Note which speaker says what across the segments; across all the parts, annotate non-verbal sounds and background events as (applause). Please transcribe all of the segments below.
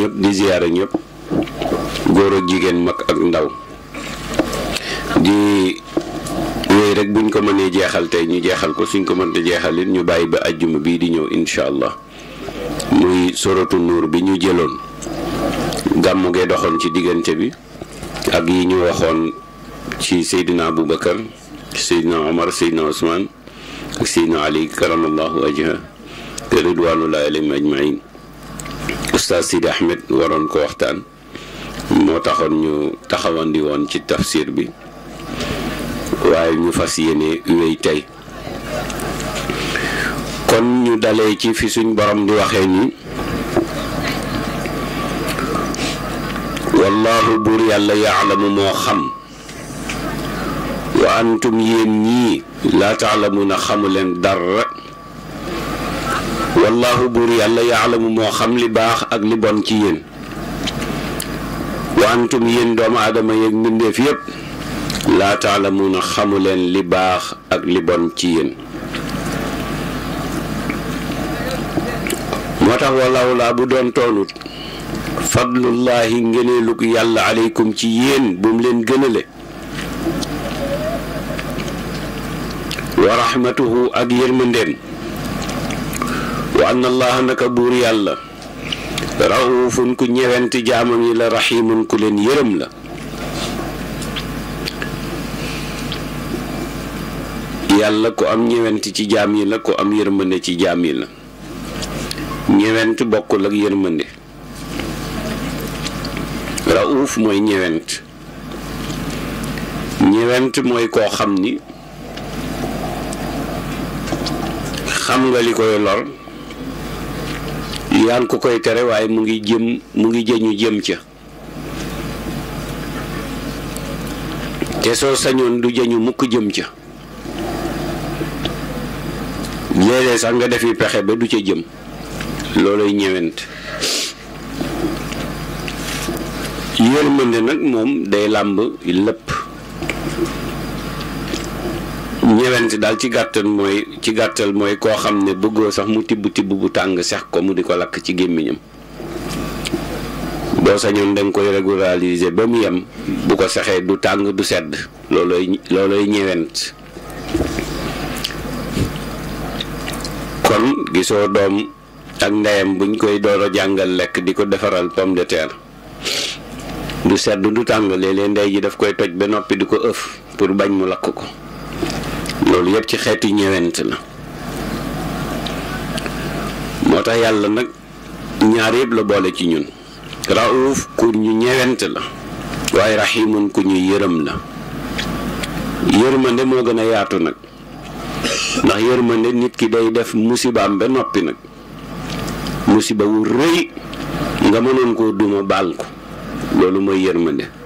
Speaker 1: ñëpp di ziyaare ñëpp góor ak jigéen mag ak ndaw di yooyu rek buñ ko mënee jeexal tey ñu jeexal ko suñ ko mënta jeexal it ñu bàyyi ba ajjuma bii di ñëw incha allah muy soratu nuur bi ñu jëloon gàmmu gee doxoon ci diggante bi ak yi ñu waxoon ci Seydina Aboubacar Seydina Omar Seydina Ousmane ak Seydina Ali karamallahu wajha te ridwanullahi alayhim ajmain oustaz Sidi Ahmed waroon ko waxtaan moo taxoon ñu taxawandi woon ci tafsir bi waaye ñu fas yéene wéy tey kon ñu dalee ci fi suñ borom di waxee ni wallaahu buur yàlla yaalamu moo xam wa antum yéen ñii laa taalamuuna xamu leen dara wallaahu buur yàlla yaalamu moo xam li baax ak li bon ci yéen wa antum yéen doomu aadama yeeg mbindeef yépp laa taalamuuna xamu leen li baax ak li bon ci yéen moo tax wallaahu laa bu doon toolut fadlullaahi ngeneelug yàlla aleykum ci yéen bu leen gënale wa rahmatuhu ak yërmandeem wa anna allaha naka buur yàlla raufun ku ñewenti jaamam yi la raximun ku leen yërëm la yàlla ku am ñewenti ci jaam yi la ku am yërmande ci jaam yi la ñewent bokkul ak yërmande rauf mooy ñewent ñewent mooy koo xam ni xam nga li koy lor yaa ngi koy tere waaye mu ngi jëm mu ngi jëñu jëm ca te soo sañoon du jëñu mukk jëm ca léeg sax nga def yi pexe ba du ca jëm loolay ñëwent yërmande nag moom day làmb lépp ñëwante daal ci gàttal mooy ci gàttal mooy koo xam ne bëggoo sax mu tibb tibb bu tàng sex ko mu di ko lakk ci gémmiñam boo sañoon da koy régulariser ba mu yem bu ko saxee du tàng du sedd loolooy loolooy ñëwent kon gisoo doom ak ndeyam buñ koy door jàngal lekk di ko defaral pomme de terre du sedd du tàng léeg ndey ji daf koy toj ba noppi di ko ëf pour bañ mu lakk ko loolu yëpp ci xeeti ñëwent la moo tax yàlla nag ñaar yëpp la boole ci ñun raouf ku ñu ñëwent la waaye rahimun ku ñu yërëm la yërmande moo gën a yaatu nag ndax yërmande nit ki day def musibaam ba noppi nag musiba wu rëy nga mënoon ko duma baal ko loolu mooy yërmande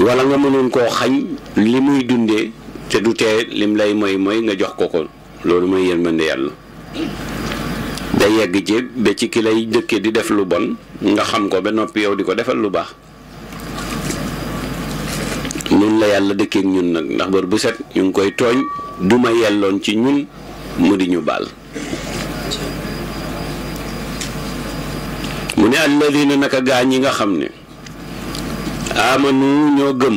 Speaker 1: wala nga mënoon koo xañ li muy dundee te du tee lim lay mooy moy nga jox ko ko loolu mooy yërmande yàlla day yegg ci ba ci ki lay dëkke di def lu bon nga xam ko ba noppi yow di ko defal lu baax noonu la yàlla dëkkeek ñun nag ndax bër bu set ñu ngi koy tooñ duma yelloon ci ñun mu di ñu baal mu ne alladina naka gaa ñi nga xam ne amanu ñoo gëm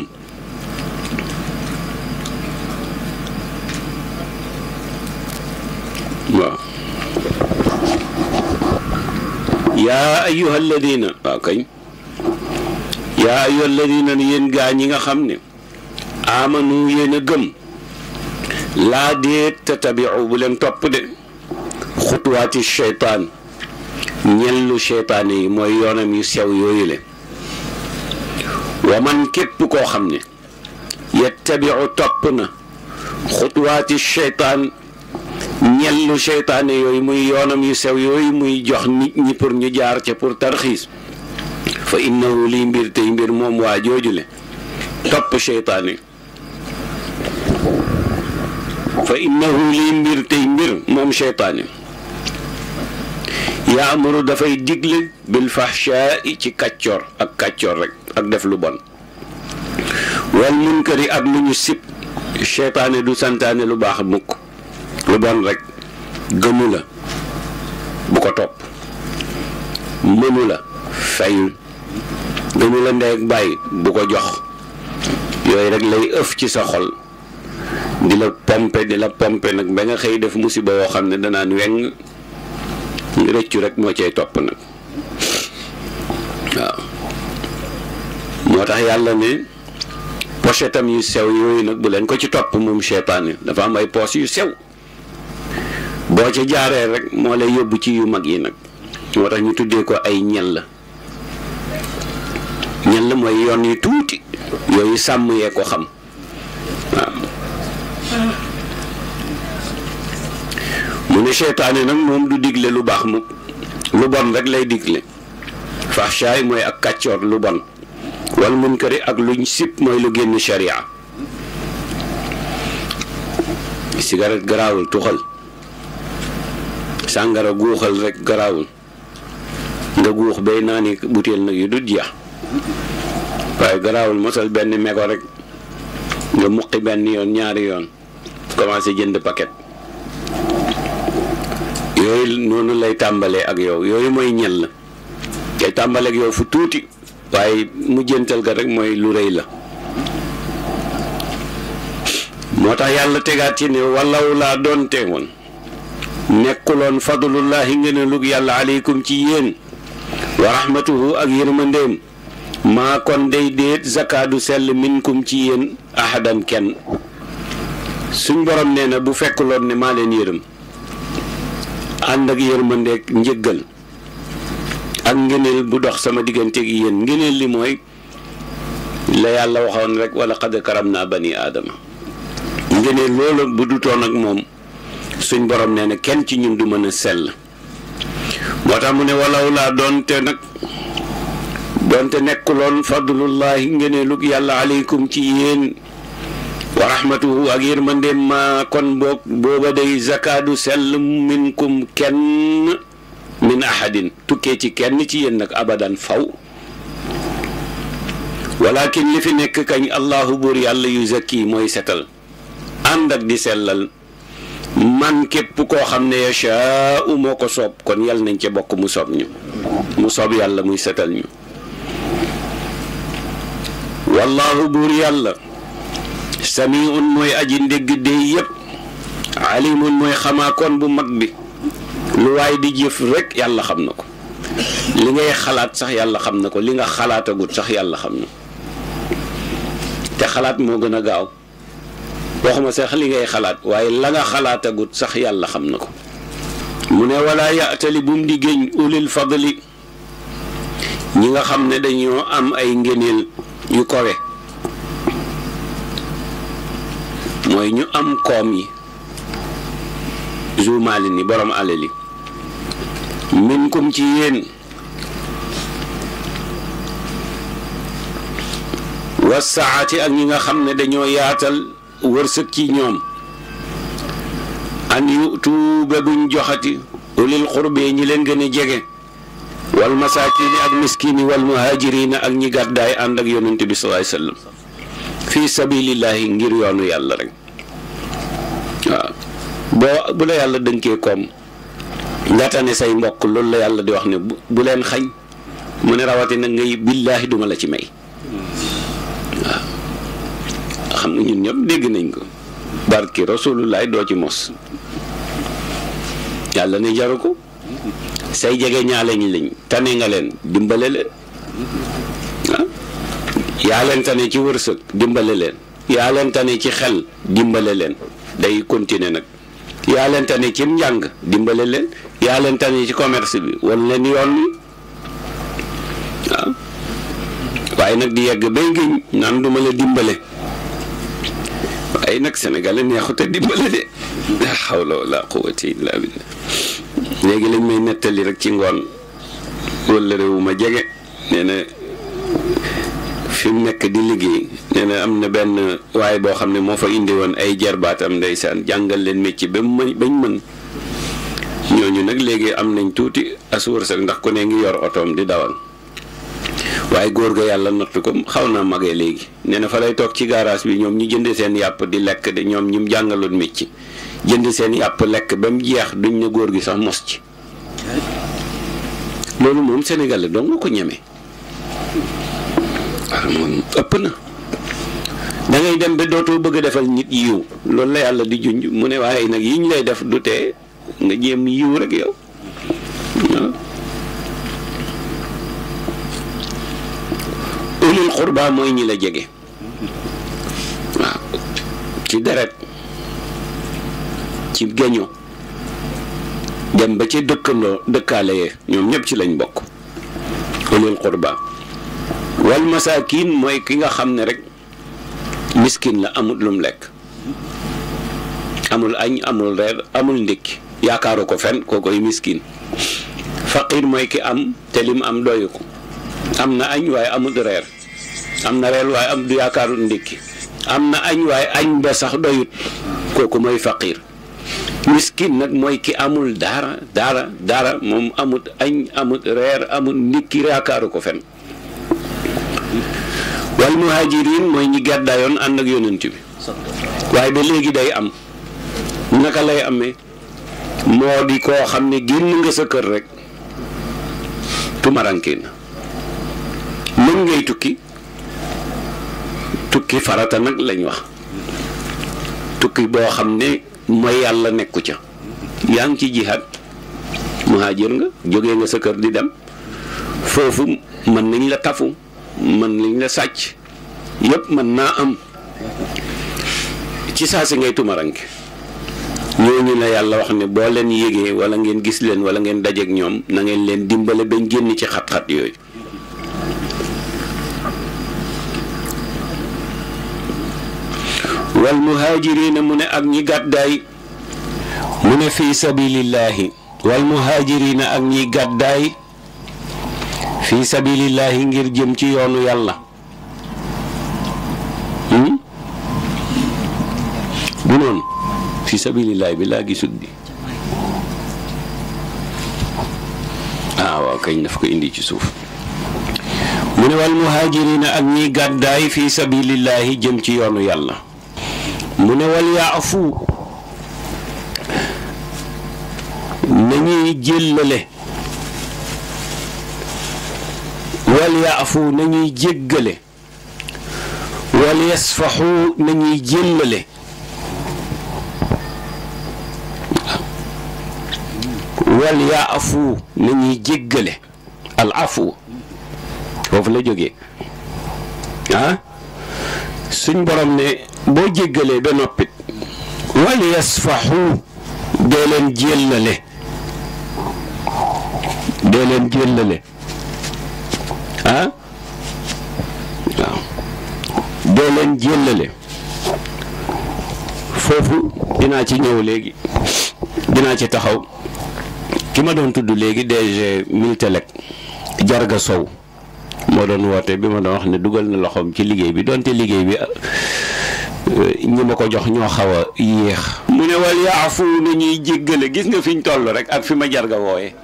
Speaker 1: yaa ayuha yaa ayuha alladina yéen gaa ñi nga xam ni amanu yéen a gëm laa déet tatabiu bu leen topp de xutuwaati cheytaan ñellu cheytaane yi mooy yoonam yu sew yooyu le wa man képp koo xam ne yettabiu topp na xutuwaati seytaan ñellu seytaane yooyu muy yoonam yu sew yooyu muy jox nit ñi pour ñu jaar ca pour tarxiis fa innahu liy mbir tey mbir moom waa joojule dafay digle bil fahshaa ci kàccoor ak kàccoor rek ak def lu bon wal munkari ak lu ñu sib seytaane du santaane lu baax mukk lu bon rek gëmu la bu ko topp mënu la fayul gëmu la ndey ak bàyyi bu ko jox yooyu rek lay ëf ci sa xol di la pompe di la pompe nag ba nga xëy def musiba yoo xam ne danaan weng rëccu rek moo cay topp nag waaw moo tax yàlla ne pochetam yu sew yooyu nag bu leen ko ci topp moom seytaane yi dafa am ay poche yu sew boo ci jaaree rek moo lay yóbbu ci yu mag yi nag moo tuddee ko ay ñel la ñel mooy yoon yu tuuti yooyu sàmm yee ko xam waaw mu ne nag moom du digle lu baax mukk lu bon rek lay digle fahshaay mooy ak kàccoor lu bon wal munkari ak lu sip mooy lu génn sharia cigarette garaawul tuxal sàngara guuxal rek garaawul nga guux bay naa ni butéel nag yu du jeex waaye garaawul mosal benn meko rek nga muqi benn yoon ñaari yoon commencé jënd paket yooyu noonu lay tàmbalee ak yow yooyu mooy ñel la day tàmbaleek yow fu tuuti waaye mujjantal ga rek mooy lu rëy la moo tax yàlla tegaat ci ne walaw laa doonte woon nekkuloon fadlullahi ngeenelug yàlla aleykum ci yéen wa rahmatuhu ak yërmandeem maa kon dey déet zakaa du sell minkum ci yéen ahadan kenn suñ borom nee na bu fekkuloon ne maa leen yërëm ànd ak yërmandeeg njëggal ak ngëneel bu dox sama diggante gi yéen ngëneel li mooy la yàlla waxoon rek wala xad karam naa bani aadama ngëneel loolu bu dutoon ak moom suñ boroom nee na kenn ci ñun du mën a sell moo tax mu ne walaw laa doonte nag doonte nekkuloon fadlullahi ngëneelug yàlla aleykum ci yéen wa ak yërmandeem ma kon boog booba day zakaadu sell minkum kenn min ahadin tukkee ci kenn ci yéen nag abadan faw walakin li fi nekk kañ allahu buur yàlla yu zakki mooy setal ànd ak di sellal man képp koo xam ne yashaa moo ko soob kon yàlla nañ ci bokk mu soob ñu mu soob yàlla muy setal ñu wallaahu buur yàlla samiun mooy aji ndégg yépp alimun mooy xamaakoon bu mag bi lu waaye di jëf rek yàlla xam na ko li ngay xalaat sax yàlla xam na ko li nga xalaatagut sax yàlla xam na te xalaat moo gën a gaaw waxuma sax li ngay xalaat waaye la nga xalaatagut sax yàlla xam na ko mu ne wala yaatali bu di géñ ulil fadli ñi nga xam ne dañoo am ay ngëneel yu kowe mooy ñu am koom yi zumali ni borom alali minkum ci yéen wasaati ak ñi nga xam ne dañoo yaatal wërsëg ci ñoom an yutu ba buñ joxati ulil xurbee ñi leen gën a jege wal masaakiini ak miskiini wal muhaajiriina ak ñi gàddaay ànd ak yonent bi salaay sallam fii sabilillahi ngir yoonu yàlla rek waaw boo bu la yàlla dënkee koom nga tane say mbokk loolu la yàlla di wax ne bu bu leen xañ mu ne rawati nag ngay billaahi duma la ci may waaw xam na ñun ñëpp dégg nañ ko barki rasulullaay doo ci mos yàlla ne jaru ko say jege ñaale ñi lañ tane nga leen dimbale leen yaa leen tane ci wërsëg dimbale leen yaa leen xel dimbale leen day continuer nag yaa leen tane ci njàng dimbale leen yaa leen tane ci commerce bi wan leen yoon wi waaye nag di yegg bay ngéñ naan duma la dimbale ay nag sénégalais neexute dimbale de la hawla wala quwwata illa billah léegi lañ may nettali rek ci ngoon wala réew ma jege nee na fi mu nekk di liggéey nee am na benn waaye boo xam ne moo fa indi woon ay jerbaatam ndeysaan jàngal leen métier ba mu mën bañ mën ñooñu nag léegi am nañ tuuti as wërsëg ndax ku ne ngi yor otoom di dawal waaye góor ga yàlla nattu ko xaw naa magee léegi nee na fa lay toog ci garage bi ñoom ñu jënd seen yàpp di lekk de ñoom ñi mu jàngaloon mecc jënd seen yàpp lekk ba mu jeex duñ ne góor gi sax mos ci loolu moom Sénégal doo nga ko ñeme ëpp na da dem ba dootoo bëgg a defal nit yiw loolu la yàlla di junj mu ne waaye nag yi ñu lay def du tee nga jéem yiw rek yow ulul xurba mooy ñi la jege waaw ci deret ci gaño dem ba ca dëkkandoo dëkkaale yee ñoom ñëpp ci lañ bokk ulul xurba wal masaakin mooy ki nga xam ne rek miskin la amul lum lekk amul añ amul reer amul ndékki yaakaaru ko fen kookoy miskin faqir mooy ki am te lim am doyu ko am na añ waaye amut reer am na reer waaye am du yaakaarut ndékki am na añ waaye añ ba sax doyut kooku mooy faqir miskin nag mooy ki amul daara dara dara moom amut añ amut reer amut ndékki yaakaaru ko fen wal muhajirin mooy ñi gàddaayoon ànd ak yonent bi waaye ba léegi day am naka lay amee moo di koo xam ne génn nga sa kër rek tumaranke na mën ngay tukki tukki farata nag lañ wax tukki boo xam ne mooy yàlla nekku ca yaa ngi ci jihaad muhaajir nga jóge nga sa kër di dem foofu mën nañ la tafu mën nañ la sàcc yëpp mën naa am ci saa si ngay tumaranke ñooñu na yàlla wax ne boo leen yëgee wala ngeen gis leen wala ngeen dajeek ñoom na ngeen leen dimbale bañ génn ci xat-xat yooyu wal muhaajiriina mu ne ak ñi gàddaay mu ne fii sabilillaahi wal muhaajiriina ak ñi gàddaay fii sabilillaahi ngir jëm ci yoonu yàlla hmm? bu noonu fi sabilillahi bi laa gisut bi ah waaw kañ ko indi ci suuf mu ne wal muhaajirina ak ñiy gàddaay fi sabilillahi jëm ci yoonu yàlla mu ne wal yaafu nañuy jéllale wal yaafu nañuy jéggale wal yasfaxu nañuy jéllale wal yaa afu na jéggale al afu foofu la jóge ah? suñ borom ne boo jéggalee ba noppit wal yasfaxu dee leen jéllale dee leen jéllale ah dee leen jéllale foofu dinaa ci ñëw léegi dinaa ci taxaw ki ma doon tudd léegi DG Miltelec Jarga Sow moo doon woote bi ma doon wax ne dugal na loxoom ci liggéey bi donte liggéey bi euh, ñi ma ko jox ñoo xaw a yéex. mu ne wal yaafu na ñuy jéggale gis nga fi ñu toll rek ak fi ma jarga wooye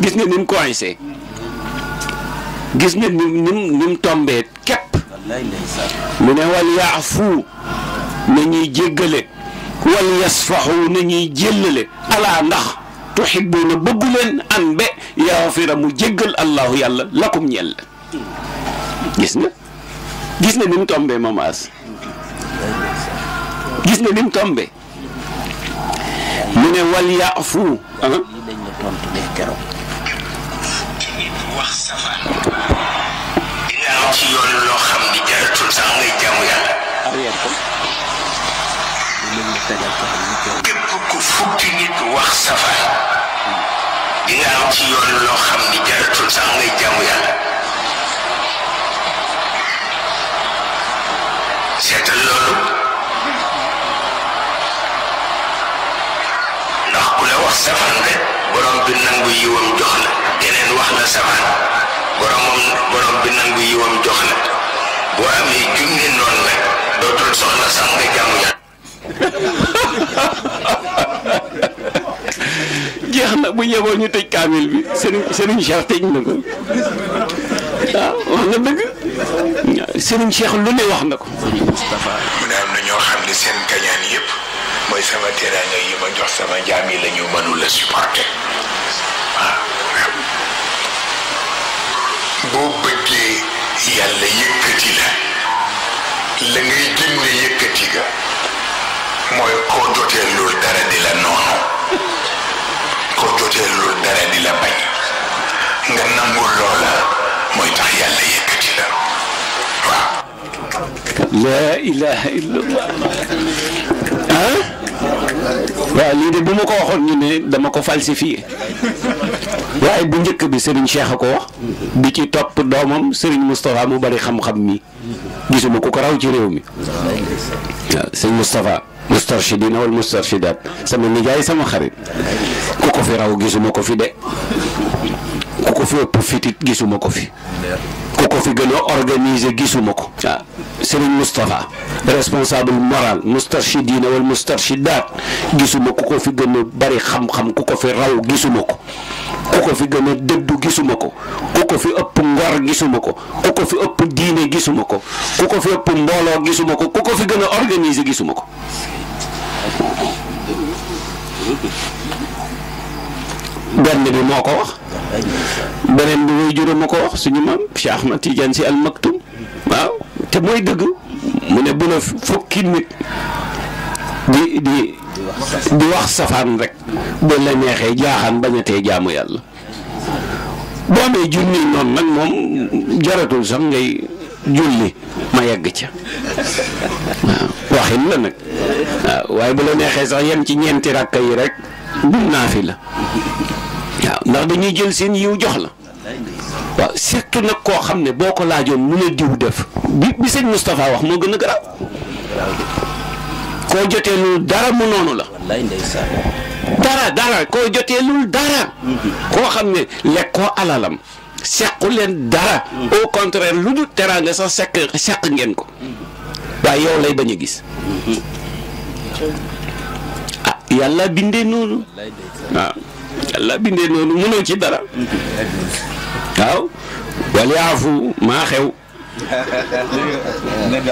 Speaker 1: gis nga ni mu gis nga ni mu ni ne wal ñuy jéggale wal yasfaxu na ndax. tuhibbuuna bëgg leen an be yaxfira mu jéggal allahu yàlla lakum ñeel gis nga gis nga ni mu tombee moom as ne wal yaafu ah. tegal ko xam fukki nit wax safara di nga am ci yoon loo xam ni jaratul sax ngay jaamu yàlla seetal loolu ndax ku la wax safaan rek borom bi nangu yiwam jox la wax na safaan boromam bi nangu yiwam jox la boo amee junni noonu rek dootul soxla sax nga jaamu jeex na bu yeboo ñu tëj kaamil bi sëriñ sëriñ Cheikh tëj na ko wax nga dëgg sëriñ Cheikh lu ne wax na ko. Moustapha mu ne am na ñoo xam ne seen kañaan yëpp mooy sama teraanga yi ma jox sama jaam yi la ñu mënul a boo bëggee yàlla yëkkati la la ngay gën a yëkkati laa ilaha illallah ah waaw lii de bu ma ko waxoon ñu ne dama ko falsifié waaye bu njëkk bi sëriñ Cheikh a ko wax bi ci topp doomam Serigne Moustapha mu bari xam-xam mi gisuma ku ko raw ci réew mi waaw Serigne Moustapha mustarshidina wal mustarshidaat sama nijaay sama xarit ku ko fi raw gisuma ko fi de ku ko fi ëpp fitit gisuma ko fi fi gën a organiser gisuma ko waaw ah. Serigne Moustapha responsable moral moustarchidina wal moustarchidat gisuma ku ko fi gën a bari xam-xam ku ko fi raw gisuma ko ku ko fi gën a dëddu gisuma ko ku ko fi ëpp ngor gisuma ko ku ko fi ëpp diine gisuma ko ku ko fi ëpp mbooloo gisuma ko ku ko fi gën a organise gisuma ko benn bi moo ko wax beneen bi way juróom a ko wax suñu maam Cheikh Ahmad Tidiane si almaktum waaw te mooy dëgg mu ne bu la fukki nit di di di wax safaan rek ba la neexee jaaxaan bañatee jaamu yàlla boo amee junni noonu nag moom jaratul sax ngay julli ma yegg ca waaw waxin la nag waaw waaye bu la neexee sax yem ci ñeenti rakka yi rek dum naa fi la waaw ndax dañuy jël seen yiw jox la waaw surtout nag koo xam ne boo ko laajoon mu ne diw def bi bi sëñ Moustapha wax moo gën a garaaw koo jotee lul dara mu noonu la dara dara koo jotee lul dara koo xam ne lekkoo alalam sequ leen dara mm-hmm. au contraire lu dul teraanga sax seq seq ngeen ko mm-hmm. waaye yow lay bañ a gis mm-hmm. ah yàlla bindee noonu waaw yàlla bindee noonu mënoo ci dara waaw wala yaafu maa xew. nen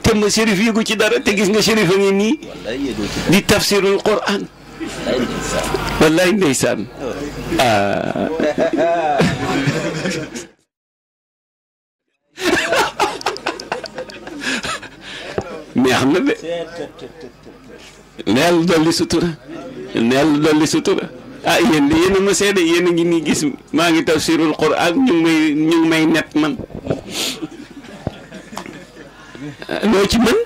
Speaker 1: te ma Chérif yëgu ci dara te gis nga Chérif a ngi nii di tafsirul Quran wallaay ndeysaan ah. (laughs) neel dolli sutura neel dolli sutura ah yéen di a ma seede yéen ngi nii gis maa ngi tafsirul Qur'an ñu ngi may may net man ah, loo ci mën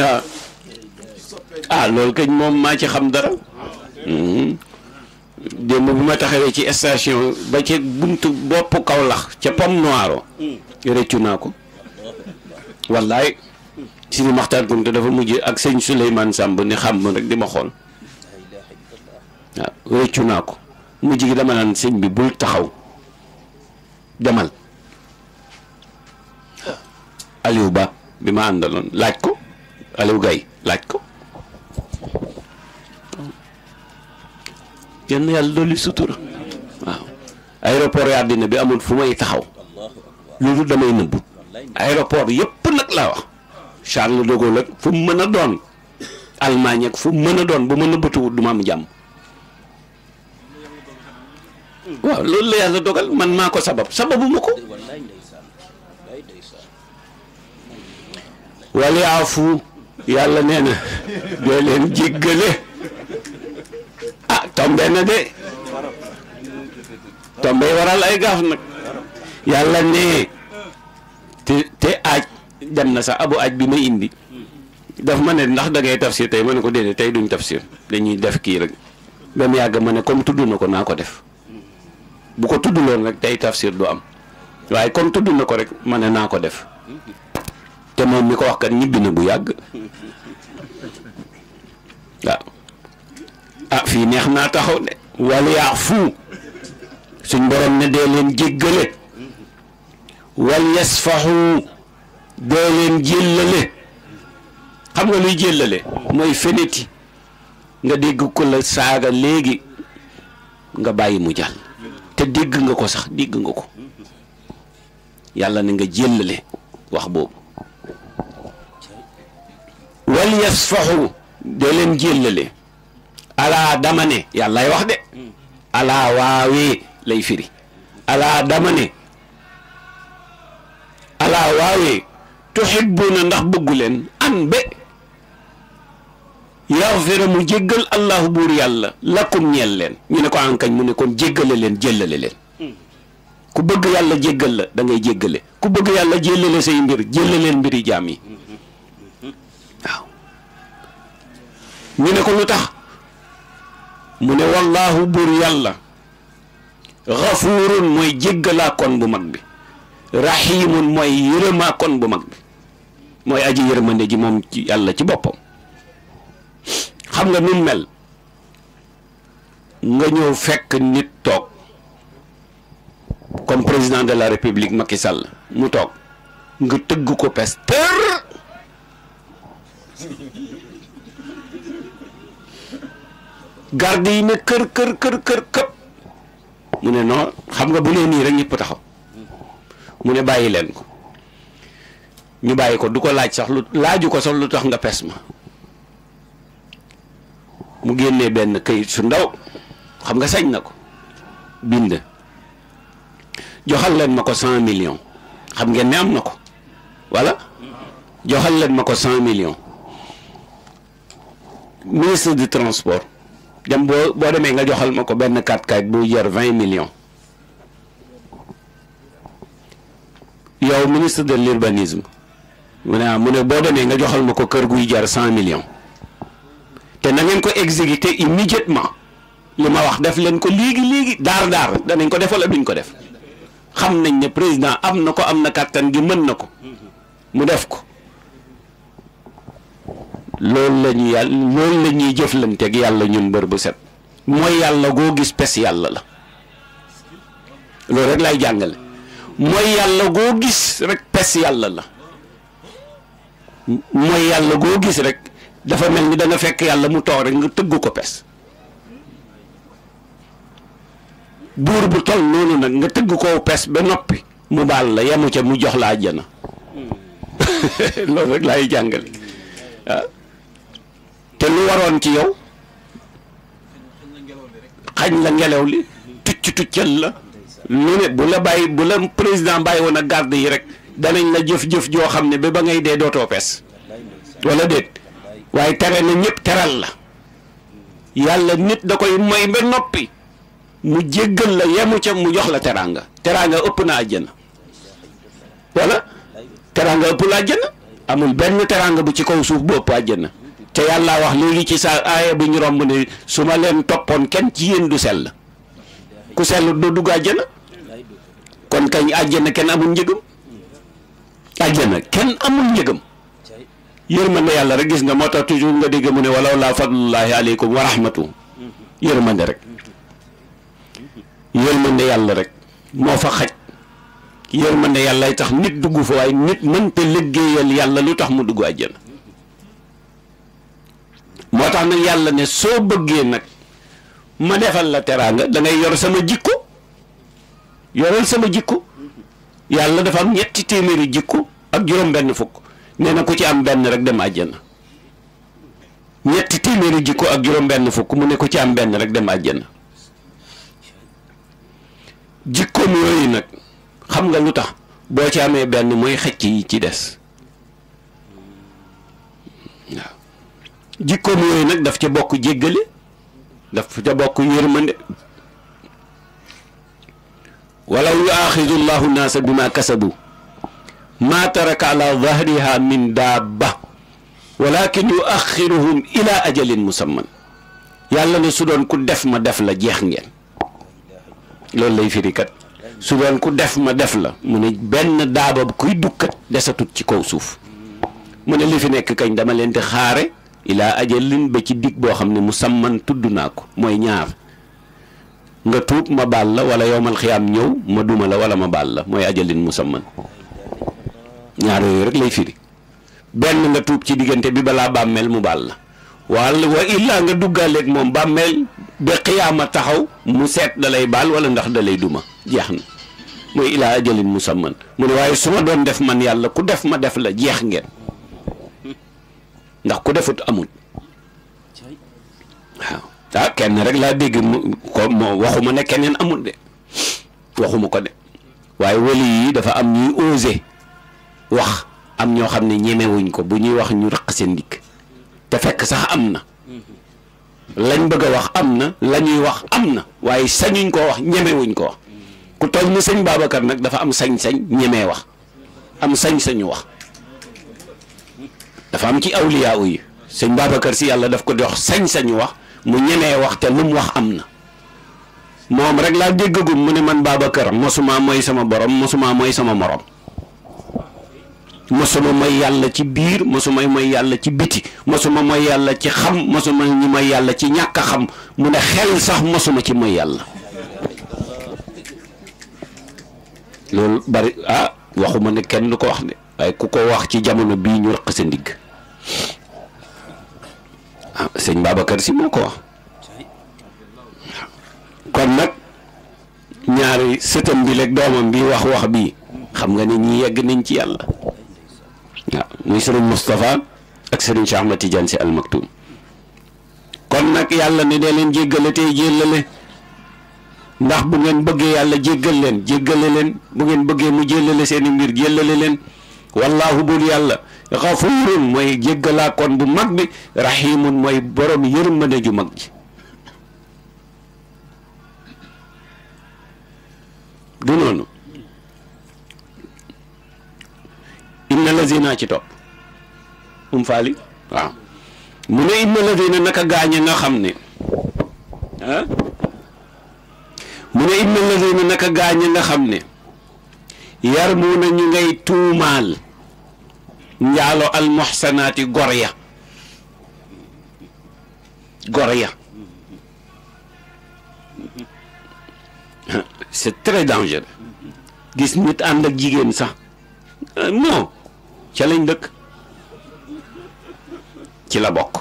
Speaker 1: waaw ah. ah loolu kañ moom maa ci xam dara mhm. démb bu ma taxawee ci station ba ca buntu bopp lax ca Pom Noiro mm. rëccu naa ko wallaay Sidi Maxtaar te dafa mujj ak sëñ Souleymane Samb ni xam rek di ma xool waaw rëccu naa ko mujj gi dama naan sëñ bi bul taxaw demal Aliou Ba bi ma àndaloon laaj ko Aliou Gaye laaj ko kenn yàlla dolli sutura waaw aéroport yi àddina bi amoon fu may taxaw loolu damay nëbbu aéroport yëpp nag laa wax Charles de Gaulle fu mu mën doon Allemagne ak fu mu mën a doon bu mën a du ma am jàmm waaw loolu la dogal man maa ko sabab sababu ma ko wala yaafu yàlla nee na doo leen jéggale ah, de tombe waral ay gaaf nag yàlla nee te te dem na sax abu aj bi may indi daf ma ne ndax da ngay tafsir tey ma ne ko déedéet tey duñ tafsir dañuy def kii rek ba yàgg ma ne comme tudd na ko naa ko def bu ko tudd loon rek tey tafsir du am waaye comme tudd na ko rek ma ne naa ko def te moom mi ko wax kat ñibbi na bu yàgg waaw ah fii neex naa taxaw ne wala yaa fu suñ borom ne dee leen jéggale wal doo leen jéllale xam nga luy jéllale mooy feneti nga dégg ko la saaga léegi nga bàyyi mu jàll te dégg nga ko sax dégg nga ko yàlla ne nga jéllale wax boobu wal yasfaxu doo leen jéllale alaa dama ne yàllaay wax de alaa waawee lay firi alaa dama ne alaa waawee tuhibbuna ndax bëggu leen an be yaxfira mu jéggal allahu buur yàlla lakum ñeel leen ñu ne ko ankañ mu ne kon jéggale leen jéllale leen ku bëgg yàlla jéggal la da jéggale ku bëgg yàlla jéllale say mbir jéllaleen mbiri jaam yi ñu ne ko lu tax mu ne wallahu buur yàlla xafuurun mooy jéggalaa bu mag bi raxiimun mooy yërëmaa bu mag bi mooy aji yërmande ji moom ci yàlla ci boppam xam nga nun mel nga ñëw fekk nit toog comme président de la république Macky Sall mu toog nga tëgg ko pes tër garde yi ne kër kër kër kër këpp mu ne non xam nga bu nee nii rek ñëpp taxaw mu ne bàyyi leen ko ñu bàyyi ko du ko laaj sax lu laaju ko sax lu tax nga pes ma mu génnee benn kayit su ndaw xam nga sañ na ko bind joxal leen ma ko cent million xam ngeen ne am na ko voilà joxal leen ma ko cent million ministre du transport dem boo boo demee nga joxal ma ko benn 4x4 bu jar vingt millions yow ministre de l'urbanisme mu ne ah, mu ne boo demee nga joxal ma ko kër guy jar cent millions te na ngeen ko exécuter immédiatement li ma wax def leen ko léegi léegi daar daar danañ ko def wala duñ ko def xam nañ ne président am na ko am na kàttan gi mën na ko mu def ko loolu la ñu yàlla loolu la ñuy jëflanteeg yàlla ñun mbër bu set mooy yàlla goo gis pes yàlla la loolu rek lay jàngale mooy yàlla goo gis rek pes yàlla la mooy yàlla goo gis rek dafa mel ni danga fekk yàlla mu toog rek nga tëgg ko pes buur bu tol noonu nag nga tëgg ko pes ba noppi mu baal la yemu ca mu jox la àjjana (laughs) loolu rek laay jàngale ah. te lu waroon ci yow xañ la ngelaw li tucc tuccal la lu ne bu la bàyyi bu la président bàyyi woon a garde yi rek danañ la jëf-jëf joo xam ne ba ba ngay dee dootoo pes wala déet waaye tere na ñëpp teral la yàlla nit da koy moy ba noppi mu jéggal la yemu ca mu jox la teraanga teraanga ëpp na àjjana wala teraanga ëpp la àjjana amul benn teraanga bu ci kaw suuf bu ëpp àjjana te yàlla wax léegi ci sa aaya bu ñu romb ne su ma leen toppoon kenn ci yéen du sell ku sellut doo dugg àjjana kon kañ àjjana kenn amul njëgam àjjana kenn amul njëgam yërmande yàlla rek gis nga moo tax toujours nga dégg mu ne walaw laa fadlullahi aleykum wa rahmatu yërmande rek yërmande yàlla rek moo fa xaj yërmande yàlla tax nit dugg fa nit mënta liggéeyal yàlla lu tax mu dugg àjjana moo tax nag yàlla ne soo bëggee nag ma defal la teraanga dangay yor sama jikko yoral sama jikko yàlla dafa am ñetti téeméeri jikko ak juróom-benn fukk nee na ku ci am benn rek dem àjjana ñetti téeméeri jikko ak juróom-benn fukk mu ne ku ci am benn rek dem àjjana jikkoom yooyu nag xam nga lu tax boo ci amee benn mooy xëcc yi ci des waaw jikkoom yooyu nag daf ci bokk jéggale daf ca bokk yërmande walaw yuaxidu llahu naasa bima kasabu ma taraka ala dahriha min daaba walakin yuaxiruhum ila ajalin musamman yàlla ne su doon ku def ma def la jeex ngeen loolu lay firikat ku def ma def la mu ne benn daaba kuy dukkat desatut ci kaw suuf mu ne li fi nekk kañ dama leen di xaare ilaa ajalin ba ci dig boo xam ne musamman tudd naa ko mooy ñaar nga tuub ma baal la wala yowmal xiyaam ñëw ma duma la wala ma baal la mooy ajalin musamman ñaar yooyu rek lay firi benn nga tuub ci diggante bi balaa bàmmeel mu baal la wala wa illaa nga duggaaleeg moom bàmmeel ba xiyaama taxaw mu seet da lay baal wala ndax da lay duma jeex na mooy ilaa ajalin musamman mu ne waaye suma ma doon def man yàlla ku def ma def la jeex ngeen ndax ku defut amul ah kenn rek laa dégg ko moo waxuma ne keneen amul de waxuma ko de waaye wali yi dafa am ñuy osé wax am ñoo xam ne ñemewuñ ko bu ñuy wax ñu raq seen dikk te fekk sax am na lañ bëgg wax am na lañuy wax am na waaye sañuñ koo wax ñemewuñ ko wax ku toll ma sëñ Babacar nag dafa am sañ-sañ ñemee wax am sañ-sañu wax dafa am ci awliyaa yi sëñ Babacar si yàlla daf ko dox sañ-sañu wax mu ñemee wax te lu wax am na moom rek laa déggagum mu ne man Babacar mosuma mooy sama borom mosuma mooy sama morom mosuma mooy yàlla ci biir mosuma mooy yàlla ci biti mosuma mooy yàlla ci xam mosuma ñu mooy yàlla ci ñàkk xam mu ne xel sax mosuma ci mooy yàlla loolu bari ah waxuma ne kenn du ko wax ne waaye ku ko wax ci jamono bii ñu rëq sa ndigg Ah, sëñ Babacar si moo ko wax kon nag ñaari sëtam bi lekk doomam bi wax wax bi xam nga ni ñi yegg nañ ci yàlla waaw muy sëriñ Moustapha ak sëriñ Cheikh Ahmad Tidiane si Al kon nag yàlla ne dee leen jéggale tey jéllale ndax bu ngeen bëggee yàlla jéggal leen jéggale leen bu ngeen bëggee mu jéllale seeni mbir jéllale leen wallaahu bul yàlla xafurun mooy jéggalaakoon bu mag bi rahimun mooy borom yërmande ju mag ji du noonu inna lazina ci topp um faali waaw mu ne inna lazina naka gaañe nga xam ne ah mu ne inna lazina naka gaañe nga xam ne yar moo na ñu ngay tuumaal njaalo almuhsanaati gor ya gor ya c'est très dangereux gis nit ànd ak jigéen sax non ca lañ dëkk ci la bokk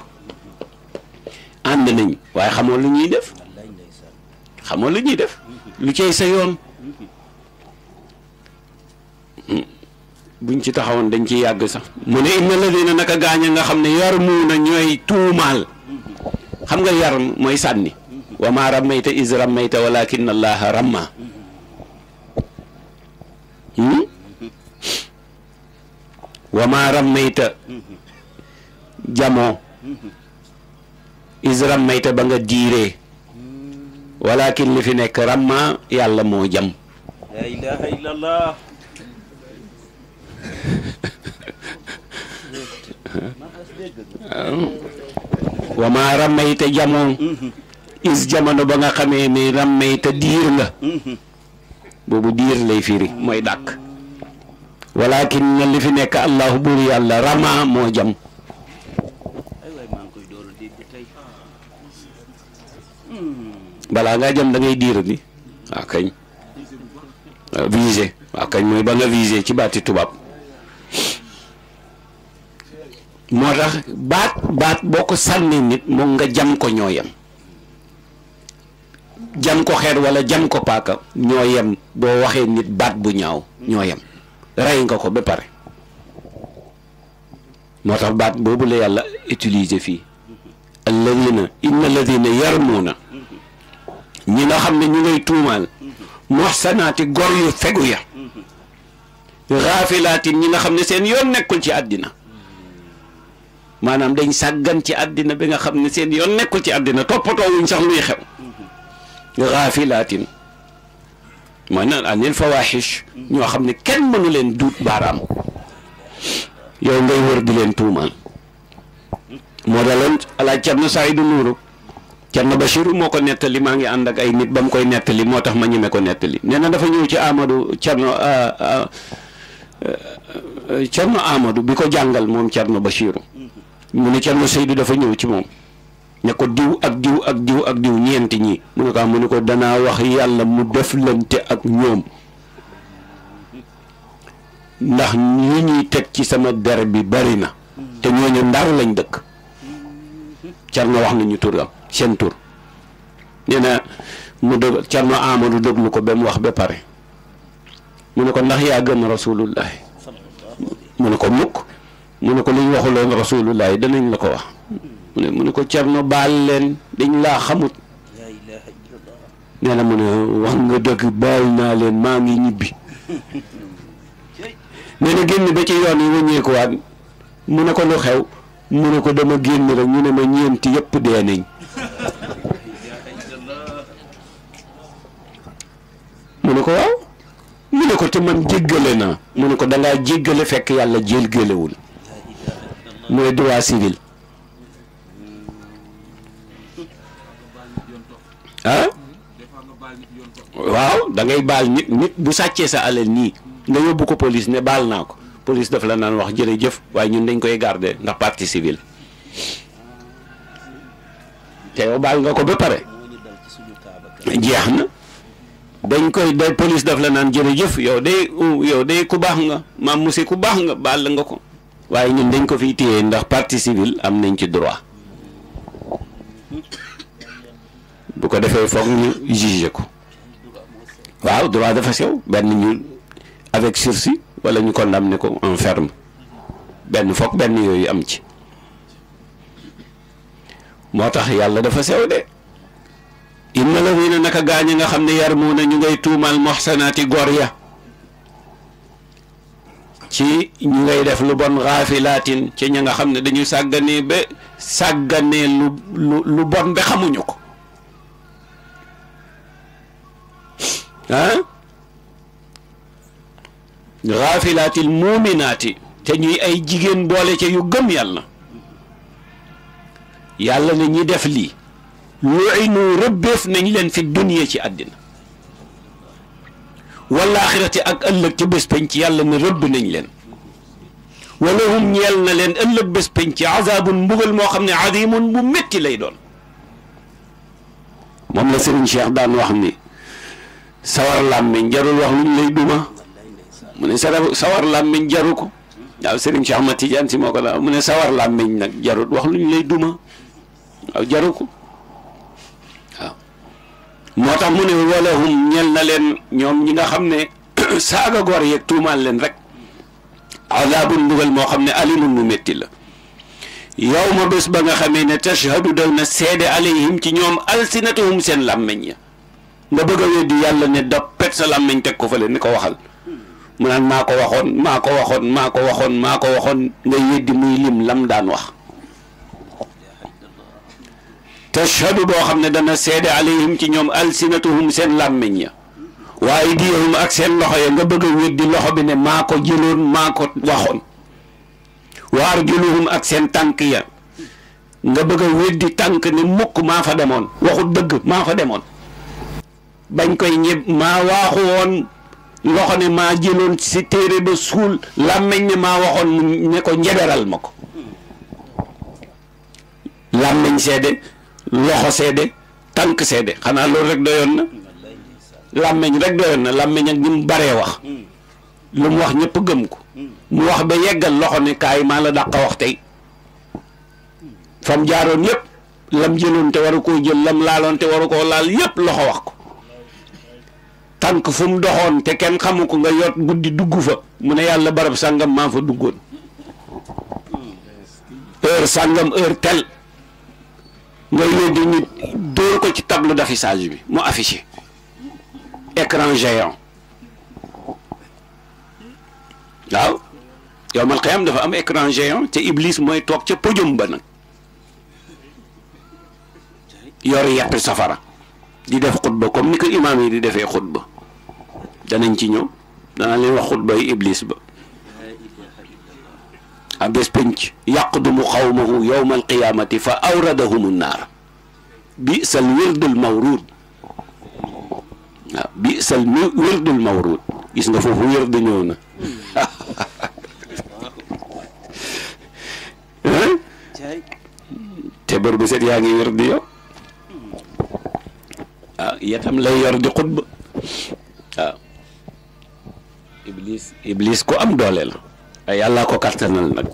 Speaker 1: ànd nañ waaye xamoo lu ñuy def xamoo lu ñuy def lu cay sa yoon buñ ci taxawoon dañ ci yàgg sax mu ne inna ladina naka gaaña nga xam ne yar yarmuuna ñooy tuumaal xam nga yar mooy sànni wa ma rammayta is rammayta walakin allaha ramma hmm? wa ma rammayta jamoo is ba nga diiree walakin li fi nekk ramma yàlla moo jam wa maa ramayta jamono is jamono ba nga xamee ni ramayta diir nga boobu diir lay firi mooy dàq walakin na li fi nekk allahu buur yàlla rama moo jam balaa ngaa jam dangay diir di waa kañ visé waa kañ mooy ba nga visé ci baati tubaab moo tax baat baat boo ko sànnee nit moom nga jam ko ñoo yem jam ko xeer wala jam ko paaka ñoo yem boo waxee nit baat bu ñaaw ñoo yem rey nga ko ba pare moo tax baat boobu la yàlla utilise fii la alladina inna alladina na ñi nga xam ne ñu ngay tuumaal moxsanaati gor yu fegu ya xaafilaati ñi nga xam ne seen yoon nekkul ci àddina maanaam dañ sàggan ci àddina bi nga xam ne seen yoon nekkul ci àddina toppatoo wuñ sax luy xew xaafilaatin maanaam anil fawaaxish ñoo xam ne kenn mënu leen duut baaraam yow ngay wër di leen tuumaal moo daloon alaaj Cerno Saydu Nuuru Cerno Bachiru moo ko nettali maa ngi ànd ak ay nit ba mu koy nettali moo tax ma ñeme ko nettali nee na dafa ñëw ci Amadou Cerno Cerno ah, ah, ah, Amadou bi ko jàngal moom Cerno Bachiru mu ne Cerno Seydou dafa ñëw ci moom ne ko diw ak diw ak diw ak diw ñeenti ñi mu ne ko ah, mu ne ko danaa wax yàlla mu te ak ñoom ndax ñi ñuy teg ci sama der bi bari na te ñooñu ndar lañ dëkk Cerno wax nañu turam seen tur nee na mu dëgg Cerno Amadou déglu ko ba mu wax ba pare mu ne ko ndax yaa gëm rasulullahi mu ne ko mukk mu ne ko li ñu waxuloon rasulullah danañ la ko wax mu ne mu ne ko cerno baal leen dañ laa xamut nee mu ne wax nga dëgg baal leen maa ñibbi (laughs) nee na génn ba ci yoon yi ko lu xew mu ne ko dama génn rek ñu ne ma ñeenti yëpp dee nañ mu ne ko waaw mu ne ko te man jéggale naa mu ne ko dangaa jéggale fekk yàlla jéggalewul mooy droit civil ah waaw da ngay baal nit nit bu sàccee sa alal nii nga yóbbu ko police ne baal naa ko police daf la naan wax jëf waaye ñun dañ koy garder ndax parti civile te yow baal nga ko ba pare jeex na dañ koy day police daf la naan jëf yow day yow day ku baax nga maam monsieur ku baax nga baal nga ko. waaye ñun dañ ko fi téye ndax partie civile am nañ ci droit bu ko defee foog ñu juger ko waaw droit dafa sew benn ñu avec sursis wala ñu condamné ko en ferme benn foog benn yooyu am ci moo tax yàlla dafa sew de inna ladina naka gaañ nga xam ne yar mu na ñu ngay tuumaal moxsanaati gor ya ci ñu ngay def lu bon xaafilaatin ci ña nga xam ne dañuy sàgganee ba sàgganee lu lu lu bon ba xamuñu ko ah xaafilaatil muuminaati te ñuy ay jigéen boole ci yu gëm yàlla yàlla ne ñi def lii lu ay nu rëbbeef nañ leen fi duniya ci àddina wala axirati ak ëllëg ca bés penc yàlla ne rëbb nañ leen wala hum ñeel na leen ëllëg bés penc azaabun moo xam ne adimun bu métti lay doon moom la Serigne Cheikh daan wax ni sawar làmmiñ jarul wax luñ lay duma mu ne sawar làmmiñ jaru ko waaw Serigne Cheikh Ahmad Tidiane si nag jarul wax lay duma waaw jaru moo tax mu ne walahum ñel na leen ñoom ñi nga xam ne (clears throat) saaga gor yeeg tuumaal leen rek azabun mbugal moo xam ne alimun mu metti la yow ma bés ba nga xamee ne tashhadu daw na seede alayhim ci ñoom alsinatuhum seen làmmeñ ya nga bëgg a weddi yàlla ne dappet sa làmmeñ teg ko fa leen ni ko waxal mu naan maa ko waxoon maa ko waxoon maa ko waxoon maa ko waxoon ngay weddi muy lim lam daan wax tashhadu boo xam ne dana seede alayhim ci ñoom alsinatuhum seen làmmiñ ya waaye diyahum ak seen loxo ya nga bëgg a weddi loxo bi ne maa ko jëloon maa ko waxoon wa arjuluhum ak seen tànk ya nga bëgg a weddi tànk ne mukk maa fa demoon waxut dëgg maa fa demoon bañ koy ñëb maa waaxu woon loxo ne maa jëloon si téere ba suul làmmiñ ne maa waxoon ne ko njeberal ma ko làmmiñ seede loxo seede tànk seede xanaa loolu rek doyoon na làmmeñ rek doyoon na làmmeñ ak ni mu baree wax lu mu wax ñëpp gëm ko mu wax ba yeggal loxo ne kaay maa la dàq wax tey fam jaaroon yëpp lam jëloon te waru koo jël lam laaloon te waru koo laal yëpp loxo wax ko tànk fu mu doxoon te kenn xamu ko nga yot guddi dugg fa mu ne yàlla barab sàngam maa fa duggoon heure sàngam heure tel ngay yóbbu nit dóor ko ci tableau d'affichage bi mu affiché écran géant waaw yowmal am dafa am écran géant te Iblis mooy toog ca podium ba nag yor yettu safara di def xutba comme ni ko imaam yi di defee xutba danañ ci ñëw danaa leen wax xutba yi Iblis ba. am bés pënc yaqdumu qawmahu yowma fa awradahum nnaar bi sal wirdul mawrud waaw mawrud gis nga foofu wérd ñëw na (laughs) te bër yaa ngi wérd yow ah, yatam lay yor di ah. iblis iblis am doole yàllaa ko kattanal nag